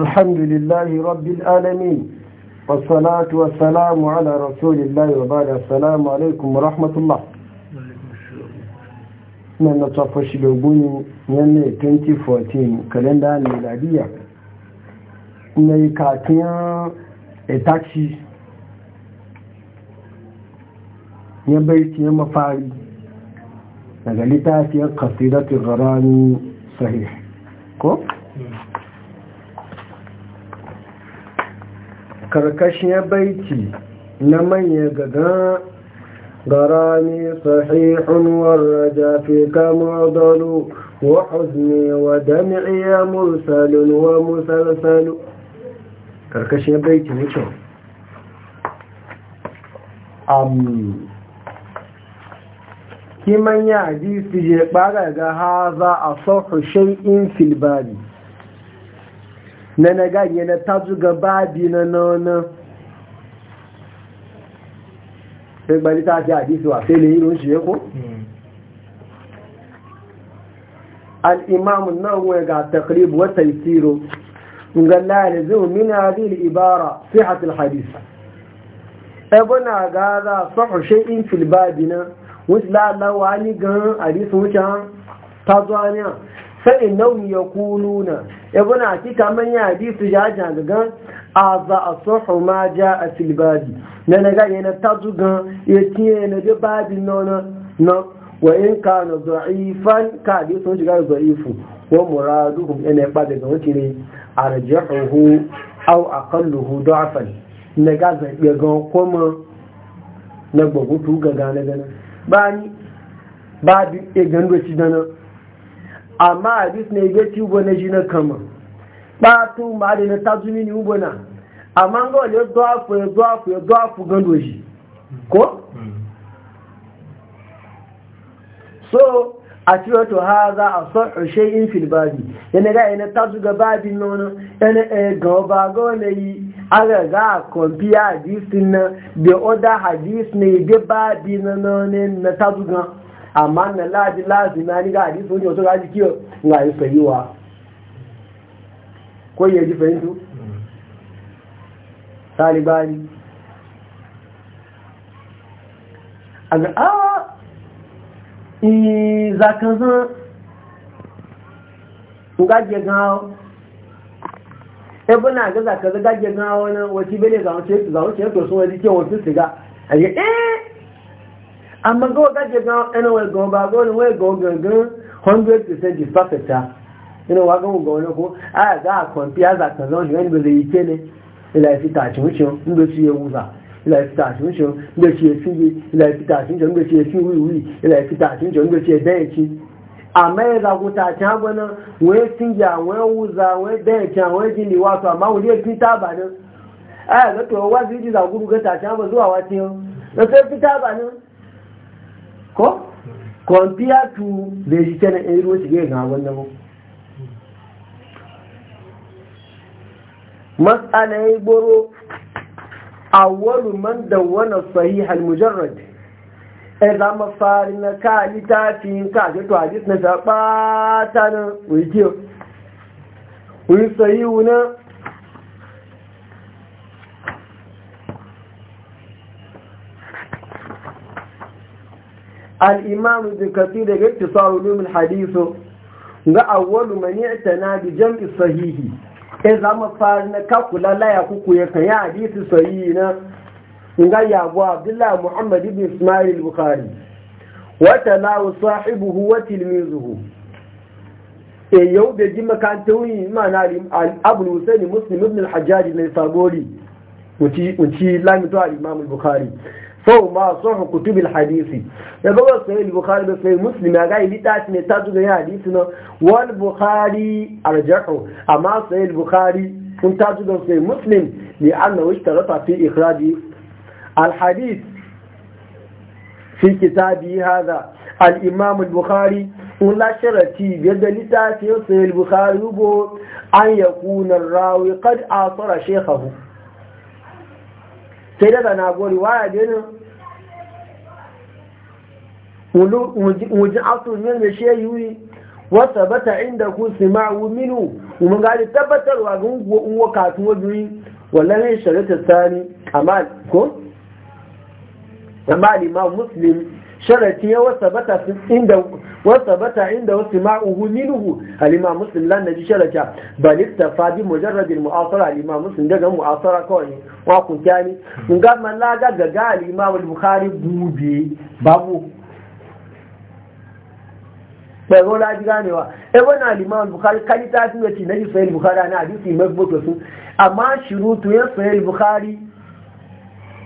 الحمد لله رب العالمين والصلاة والسلام على رسول الله وبعد السلام عليكم ورحمة الله nan na tsafa shi 2014 kalenda miladiya na yi kakiyan a taxi ya baiti ya mafari daga littafiyar kasidatun rarani sahih karkashin baiti na manya gada gara sahihun warra jafi kama dalu wa huzni wa dami'i ya mursalin wa musalsalu karkashin baiti ne kyau kí manya a jí sí ga haza a sọ́kù ṣe in na na ganye na tazu ga babi na nana ẹgbẹ̀rí tàà tí àdísù àfẹ́lẹ̀ yìí ló ń ṣe kó al'imamu náà wọ́n ga takribu wata ìtiro ga láàrin zuwa mina zil ibara fi hatil hadis ẹgbọ́n na gaza sọ́kọ̀ ṣe in filibadi na wọ́n wuce lalawa ni gan àdísù wuce tazuwa fa'in nauyi ya kuluna yabo na hakika manya hadisu ya jagagan a za a soho ma ja a filibadi na na ganye na tazugan ya tiye na bi babin nona na wa in ka na za'ifan ka hadisu sun shiga za'ifu wa muraduhum yana ba da ga wuce ne a rajahuhu au a kalluhu da'afan na ga zaɓe ga kuma na gbagutu ga gane gane ba ni ba bi egan doci dana amma abis na ya ti ugbo na ji na kama ɓatun ma da na tajumi ni ubo na amma ga wale zuwafu ya zuwafu ya zuwafu gando shi ko? so a ci wato ha za a son ƙarshe in fil babi yana ga yana tazu ga babin nono yana eh, ga ba ga wani yi aga ga a kwamfi hadisin na da oda hadis ne da babi na nono na tazu gan amma na laji laji na ni ga hadisi wani wato gaji kiyo ga yi sayiwa ko yi ji fahimtu talibani a ga a ah, za ka zan gaje gawo ebe na ga za ka zan gaje gawo na wace bele za wuce ya to sun wajen kewa sun siga a ga eh amma ga wata ke gan ɗana wai gan ba ga wani wai gan gangan 100% is perfect ina wa gan ga wani ko a za a kwamfi a za ka zama shi wani ba zai yi ke ne ila fi tashi wucin inda shi ya wuza ila fi tashi wucin inda shi ya fiye ila fi tashi wucin inda shi ya fi wiwi ila fi tashi wucin inda shi ya dayaci amma ya za ku tashi agwanan wai singiya wai wuza wai dayaci wai jini wato amma wani ya fi taba nan a ga to wa zai ji za ku ruga tashi agwa zuwa wata yau na sai fi taba nan ko compare tu eh, da shi kenan in ruwa shige ga wannan mu matsala ya goro awwalu man dawwana sahih al-mujarrad ai eh, za mu fari na ta fi yin ga to hadis na ta nan wikiyo wuce sahi wuna. الإمام ابن كثير اختصار domin الحديث ga awwalu man tana da jam'i sahihi e zama fara na kakula la kuku ya kan ya hadisi sahihi na ga yabo Abdullah Muhammad ibn Ismail bukhari wa talawu sahibuhu wa e yau da ji makantawi imana Abu Husayn Muslim ibn al-Hajjaj ne sabori wuci wuci lamito al-Imam al-Bukhari sau ma sun kutubil hadisi da gaba sai bukhari da sai muslim ya ga yi litafi ne ta zuga yin hadisi na wal bukhari arjahu amma sai bukhari sun ta zuga sai muslim na wuce wishtarata fi ikhraji al hadith fi kitabi hadha al imam al bukhari ولا شرتي بيد لتاتي سيد البخاري بو أن يكون الراوي قد آثر شيخه sai daga na gori waya benin wujin asusun da shi yi wata bata inda ku sima'u minu mun gani tabbatarwa ga unwa kasuwa biyu wallahi shari'a sani amma ko amma limamu muslim شرعتي وثبت عند inda wasabata inda wasma'uhu minhu al-imam muslim lan naji sharata bal istafa bi mujarrad al-mu'asara al-imam muslim daga mu'asara kawai wa kun tani ga man la ga ga bukhari babu ji ganewa eh wannan al-imam al-bukhari kalita tun yace naji sahih bukhari na hadisi mazbuto su amma shurutu ya sahih bukhari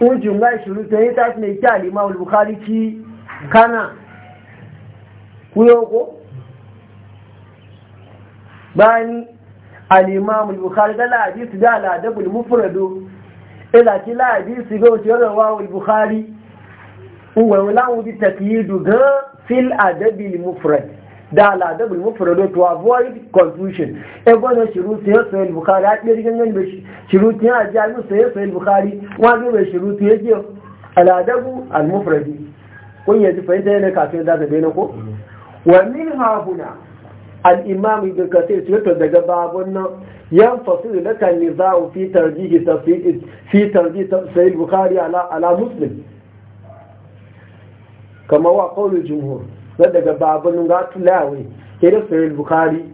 ga ya ta bukhari ci kana kuyoko bani al al-bukhari da hadisi da al-adab al-mufrad ila e ki la ga wato rawahu al-bukhari wa lawu bi takyidu ga fil adab al-mufrad da al al-mufrad to avoid confusion e bono shiru sai al-bukhari a dire gangan be shiru tin a jami sai al-bukhari wa be shiru tin yake al-adab al-mufradi kun yaji fahimta yana kafin da zabe na ko wa min hahuna al-imam ibn kathir sai daga babun nan yan da kan nizau fi tarjih tafsir fi tarjih Sayyid bukhari ala ala muslim kama wa qawlu jumhur daga babun ga tulawi ke da sahih bukhari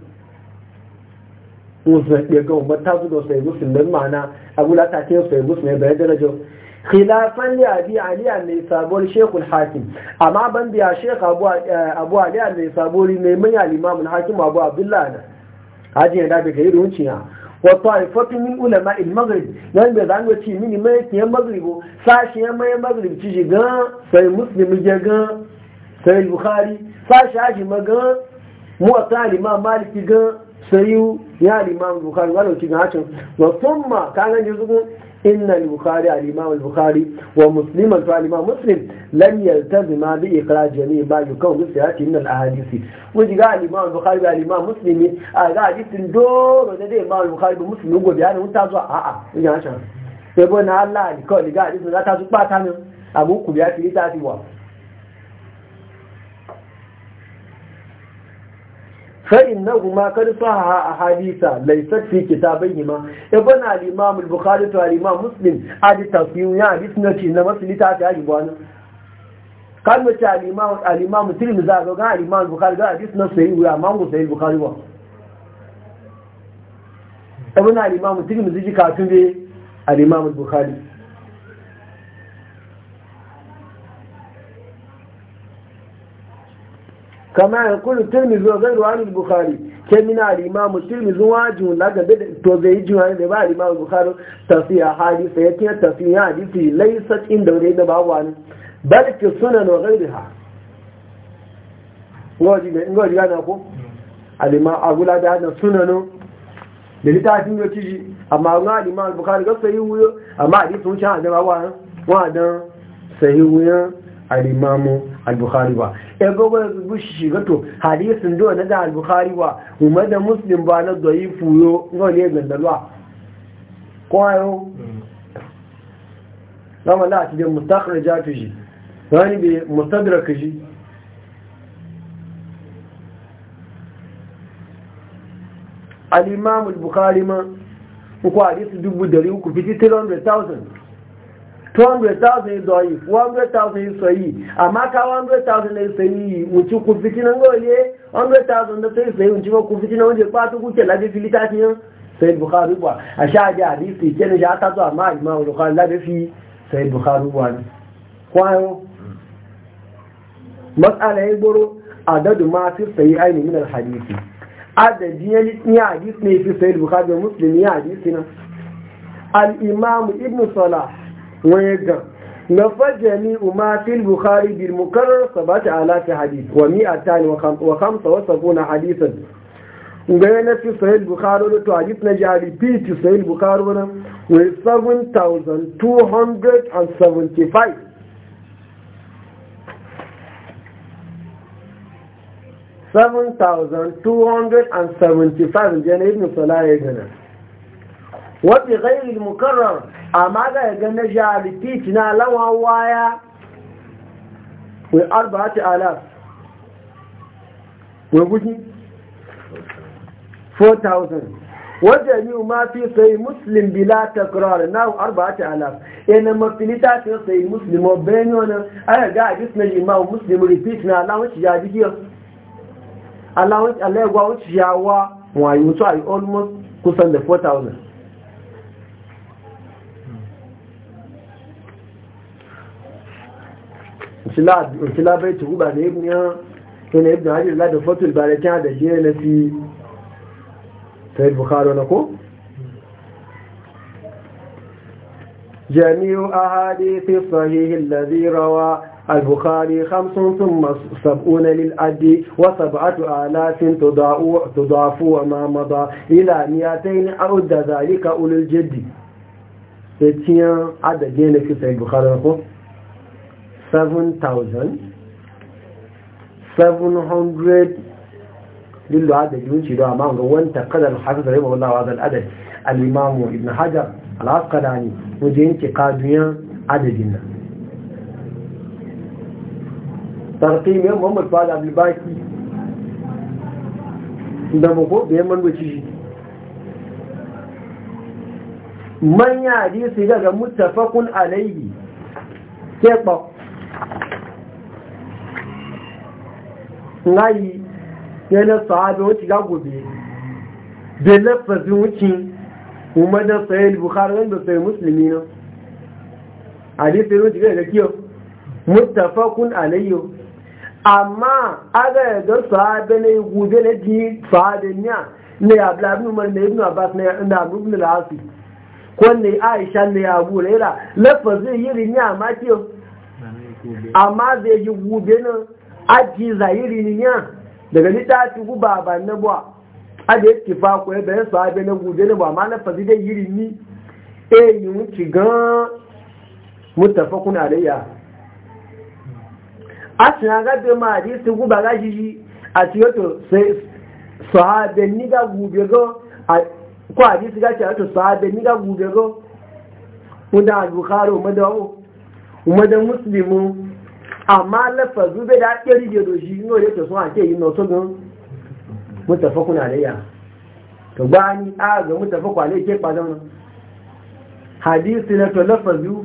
musa ya ga ummata zuwa sahih muslim dan ma'ana abula ta ce sahih muslim bayan darajar khilafan ya bi aliya mai sabuwar shekul hakim amma ban biya shek abu eh, aliya mai sabuwar mai manya limamun hakim abu abdullahi na hajji ya dabe ga yi runciya wato haifafin min ulama il maghrib yan da zan ci mini mai kiyan maghribo sashi ya mai maghrib ci shiga sai muslim ya ga sai bukhari sashi haji maga muwatta limam maliki ga sai ya limam bukhari walau ci ga hacin wa thumma kana jirgin. إن البخاري على الإمام البخاري ومسلم على الإمام مسلم لن يلتزم بإخراج جميع ما يكون بصحته من الأحاديث وإذا قال الإمام البخاري على الإمام مسلم آه، قال حديث دور ده الإمام البخاري بمسلم يقول بيان وانت أزوى آآ آه، آه، وجي عشان يقول الله قال حديث لا تزوى باتانه أبوكم يا في ذاتي فإن فإنهما قد صحها أحاديثا ليست في كتابيهما ابن الإمام البخاري والإمام مسلم هذه تصميم يا حديث نتي إنما سليتا تاجي وانا قال متى الإمام الإمام الترمذي وقال الإمام البخاري قال حديث نصي ويا مانو سيد البخاري وا ابن الإمام الترمذي كاتب الإمام البخاري kama ya kullu tirmizi wa gairu an bukhari ke min al imam tirmizi wa to zai jun an da ba al imam bukhari tafsir hadisi yake tafsir hadisi laysa inda wani da ba wani bal ki sunan wa gairuha ngoji ne ngoji gana ko al imam agula da na sunanu da litafin amma ga al imam bukhari ga sai wuyo amma hadisi mun ci da ba wani wa dan sai wuyo al imam al bukhari ba ya gogo ya zubu shi shiga to hadisin do na da al-bukhari wa umma da muslim ba na zoyi fuyo ngo ne gandalwa kwayo ayo zama la ti da mustakhrija fi shi bai bi ka shi al-imam al-bukhari ma ko hadisi 300 300000 200,000 idoyi 100,000 isoyi amma ka 100,000 na isoyi wuce ku fiti nan 100,000 na sai isoyi wuce ku fiti nan wuce kwatu kuke labe filita ta sai Bukhari ba a sha ji hadisi ke ne ya ta zuwa ma ajima wa labe fi sai bukari ba kwayo matsala ya goro adadu ma fi sayi ainihin min alhadisi adadin ya litin ya hadisi ne fi sayi bukari da hadisi na al-imamu ibn salah ويقع نفج جميع ما في البخاري بالمكرر سبعة آلاف حديث ومئة ومئتان وخمسة وسبعون حديثا غير في صحيح البخاري لتو حديث نجاري في صحيح البخاري و 7275 7275 جنيه ابن صلاح يجنى وبغير المكرر amma ga ga na jariki tina lawan waya wai arba'ati alaf wai guji 4000 wajen yi ma fi sai muslim bila takrar na arba'ati alaf ina mafili ta sai muslim obin wani aya ga hadis na imam muslim repeat na lawan shi jariki Allah ya gwa wuce yawa wayo to ai almost kusan da 4000 انفلاد انفلاد بيت هو بعد ابنها كان ابن هذه لا دفوت البركة هذا جينا نسي في البخاري نقول جميع أحاديث الصحيح الذي روى البخاري خمس ثم سبعون للأدي وسبعة آلاف تضاف وما مضى إلى مئتين أعد ذلك أولي الجد. ستين عدد جينا في البخاري نقول 7,700 lillu adadi wuce da amma ga wanta kadar hafiz rai mawala wa zal adadi al'imamu ibn hajar al'askara ne waje yanke duniya adadin nan tarkimi yan muhammad fahad abubaki da mako da yamman wuce shi manya hadisi daga mutafakun alayhi ke ɓaɓɓa ngayi yana sahabi wacce ga gobe da lafazin wucin kuma da sayil bukhari wanda sai musulmi na hadisi wacce ga da kiyo mustafakun alayyo amma aga ga sahabi ne gobe na ji sahabi ne ne abdullahi umar ne ibnu abbas ne na ibnu al-asi ko ne aisha ne abu laila lafazin yiri ne amma kiyo amma zai ji gobe na aji zahiri ni ya daga littafi guba ba na buwa aji ya kifa ko ya bayan su abe na guje na ba ma na fasi dai yiri ni e yi wuce gan mutafa kuna da ya a tuna gabe ma a su guba ga shi a tiyoto sai sahabe ni ga gube go ko a ji su ga tiyoto sahabe ni ga gube go wanda al-bukhari umar da muslimu amma lafazu bai da ake rige da shi yi nore ke sun ake yi na sogun mutafa kuna da ya gba ni a ga mutafa kwale ke kwa zama hadisi na to lafazu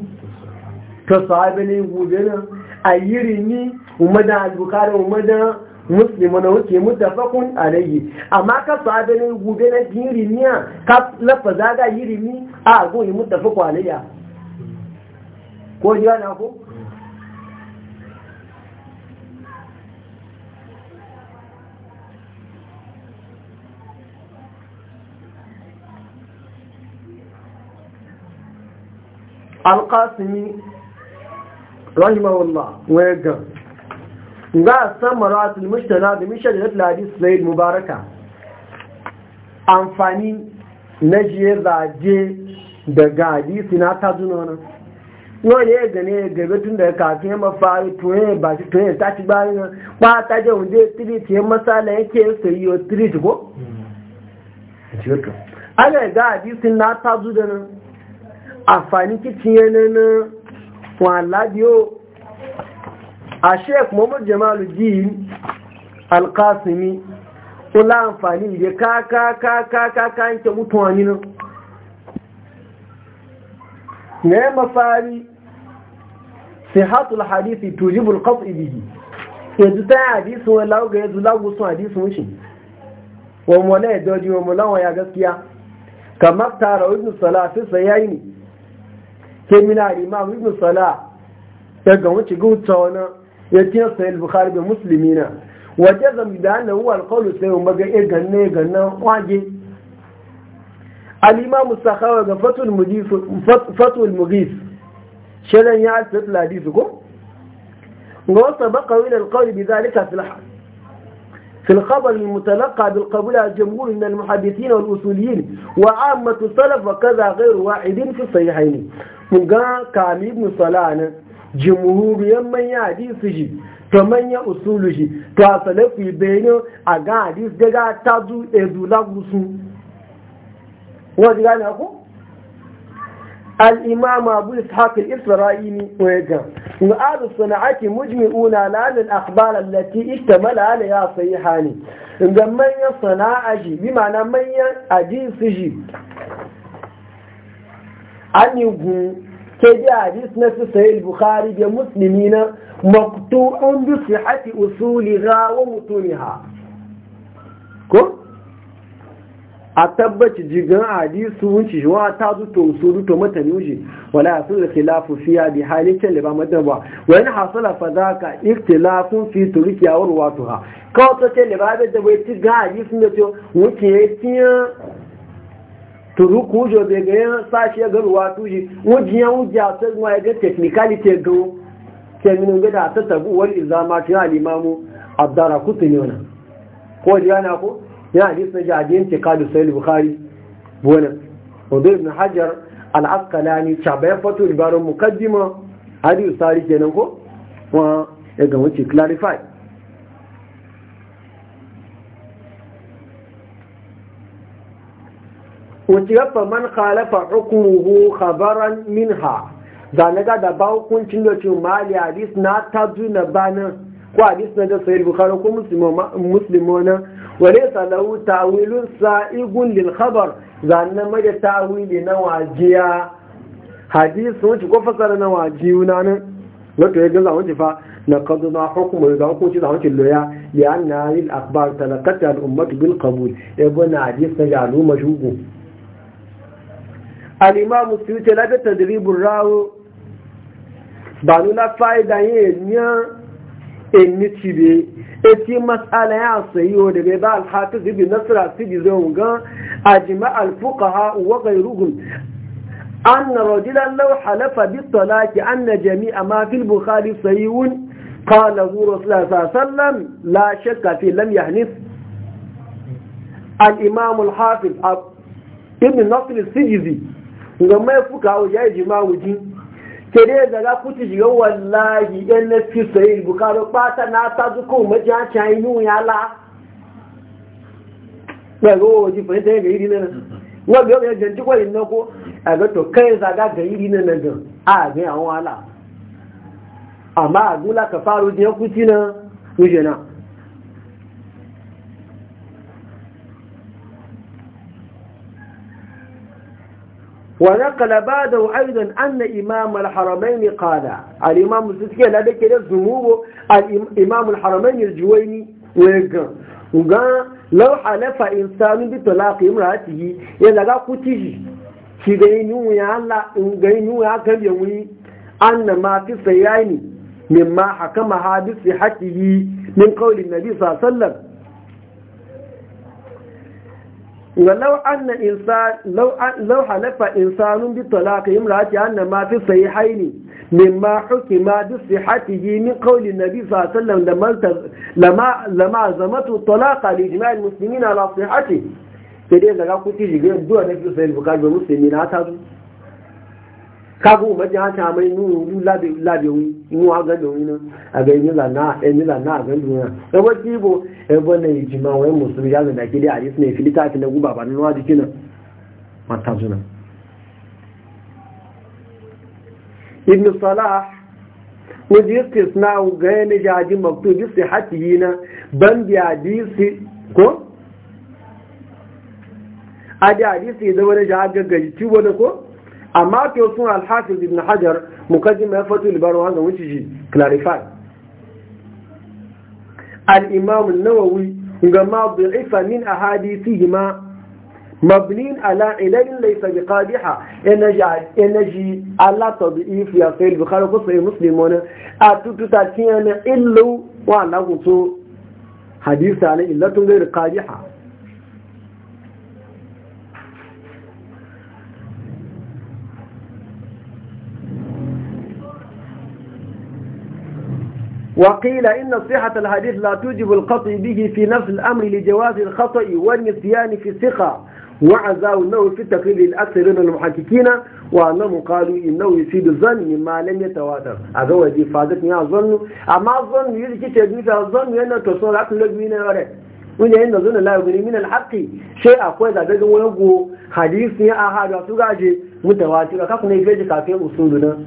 ta sahabi ne gobe na a yi rini umada al-bukhari umada muslimu na wuce mutafakun alayhi amma ka sahabi ne gobe na rini a, ka lafaza ga yi rini a goyi mutafakun alayya ko jiya na ko alƙasimi rahimahullah waya ga ga samara tulmushtana da mishar da ladis laid mubaraka amfani na jiye zaje da gadi na ta zuna wani yau ya gane ya gabe tun da kafin mafari tuye ba shi tuye ta ci bari na ba ta je wunde tirit ya masala yake yi yo tirit ko? Hmm. ana ga hadisin na ta zu da nan àǹfààní títí yẹn nínú wọn a ó Muhammadu Jamalu jẹmàlù jíì alkásìmí amfani láǹfààní ìdẹ káàkáàkáàkáà ń tẹ mútu wọn nínú yẹn mafari sai sihatul hadisi tujibul qat'i ibihi yanzu ta hadisin wani lauga yanzu sun hadisin wuce wa mula ya doji wa mula ya gaskiya kamar tara ibn salafisa yayi ne mina imam ibn sala ya ga wuce gauta wani ya tiya sayil bukhari da musulmi na waje zami da hannun huwa alkalu sai umar maga iya ganna ganna kwage alimamu sakawa ga fatul mugis shirin ya alfatul hadisi ko ga wasu baka wani alkalu bi zalika في الخبر المتلقى بالقبول على الجمهور من المحدثين والأصوليين وعامة الصلف وكذا غير واحد في الصحيحين مقا كامي بن صلانا جمهور يمن يعدي سجي to manya جي shi في بينه salafi benin a ga hadis daga tazu ezu lagusu الإمام أبو إسحاق الإسرائيلي ويقام وآل الصناعة مجمعون على الأخبار التي اشتمل عليها صيحاني إن من أجي بمعنى من أجيس سجي أن يقول كذا حديث نفس صحيح البخاري بمسلمين مقطوع بصحة أصولها ومتونها كم؟ a tabbaci jigan hadisu wunci wa ta zuto su zuto mata wuce wala yasul khilafu fiya bi halin kan liba mata ba wa in hasala fa zaka ikhtilafun fi turkiya wa ruwatuha ka to ce liba da da bai ci ga hadisu ne to wuce ya tiya turuku jo be ga sashi ga ruwatu ji wujiya wujiya sai ma ga technicality ga ke min ga da ta tabu wal izama ta al imamu ad-darqutni ko jana ko ya hadis na jadiyan ce da sai bukhari wannan wanda ibn hajar al-asqalani chabai fatu ibarun mukaddima hadi usari kenan ko wa ya ga wuce clarify wuce yafa man khalafa hukumu khabaran minha da na ga da ba hukuncin da cin mali hadis na tazu na bana ko hadis na da sahih bukhari ko muslimu muslimu na وليس له تأويل سائغ للخبر زعنا ما جاء تأويل نواجيا حديث وانت فسر كفصل نواجيونا وكي يقول الله وانت فا ما حكم إذا حكم شيء عن كلها لأن هذه الأخبار تلقتها الأمة بالقبول ابن حديث نجعله مشهور الإمام السيوت لا تدريب الراو بانولا فايدة ينيا إنتي eti masala ya sayo daga ba al-hafiz ibn nasra sidi zai ga ajma al-fuqaha wa ghayruhum أن رجلا لو حلف بالطلاق أن جميع ما في البخاري صحيح قال رسول الله صلى الله عليه وسلم لا شك في لم يحنث الإمام الحافظ ابن نصر السجزي وما يفكه جاي جماع وجين tare da za ku tijiga wallahi ɗan na fi sayi na ta zuko maji hanci ya la ɗaga waje fahimta ya ga iri nan wa biyo ya janci kwa yin nako a ga to kai zaga ga a ga ونقل بعده أيضا أن إمام الحرمين قال الإمام الزكي لا ذكر زموه الإمام الحرمين الجويني وقال وقال لو حلف إنسان بطلاق امرأته يلقى قتيه في غينو ويا الله ويا يا يوي أن ما في سياني مما حكم حادث صحته من قول النبي صلى الله عليه وسلم ga lau anna insan lau halafa insanun bi talaka imrati anna ma fi sai haini min ma hukima bi sihatihi min qawli nabi sallallahu alaihi wasallam lama lama zamatu talaqa li jama'i muslimin ala sihati sai da ga kuti jige duwa da fi sai bukaji muslimin ta zu kago ji hata mai nuna hudu labewu inu a domin nan a ga yi na a duniya ga wajen ibo ebe na yi jima wani musulmi ya zanda kiri a yi suna fili ta na guba ba nuna jiki na mata zuna ibn salah ji yi suna ga yana jaji maktu su hati yi na ban biya su ko a su yi zama na jaji gaggaji ciwo na ko amma to sun al-hafiz ibn hajar mukaddima ya fatu libaro wanda wuce ji clarify al-imam an-nawawi ga ma du'ifa min ahadithihi ma mabnin ala ilalin laysa biqadiha energy energy ala tadif ya sahih bukhari ko sahih muslim wana atututa kiyana illu wa lagutu hadisa ala illatun ghayr qadiha وقيل إن صحة الحديث لا توجب القطع به في نفس الأمر لجواز الخطأ والنسيان في الثقة وعزاه النووي في الأكثر من المحققين وأنهم قالوا إنه يسيد الظن مما لم يتواتر هذا هو دي فادتني الظن أما الظن أن يجب الظن أنه تصور عقل لجمين يوري wanda yin da zuna layu min alhaqi sai akwai da daga wani go hadisi ya ahadu su gaje mutawatir ka kuma yake kafin usulu nan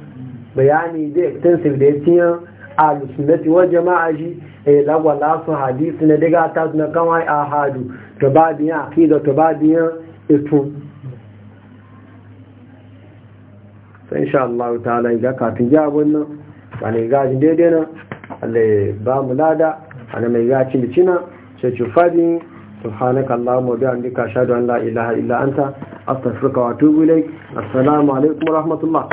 alusunati wa jama'a shi E, eh, lagwala su hadisi na daga ta na kawai a hadu to ba biya akida to ba biya ito sai insha Allah halayi ga kafin ja wannan ba ne ga daidai na alai ba mu lada na mai gaci da cina, sai ci fadi subhanaka allahumma wa bihamdika ashhadu an la ilaha illa anta astaghfiruka wa atubu ilaik assalamu alaikum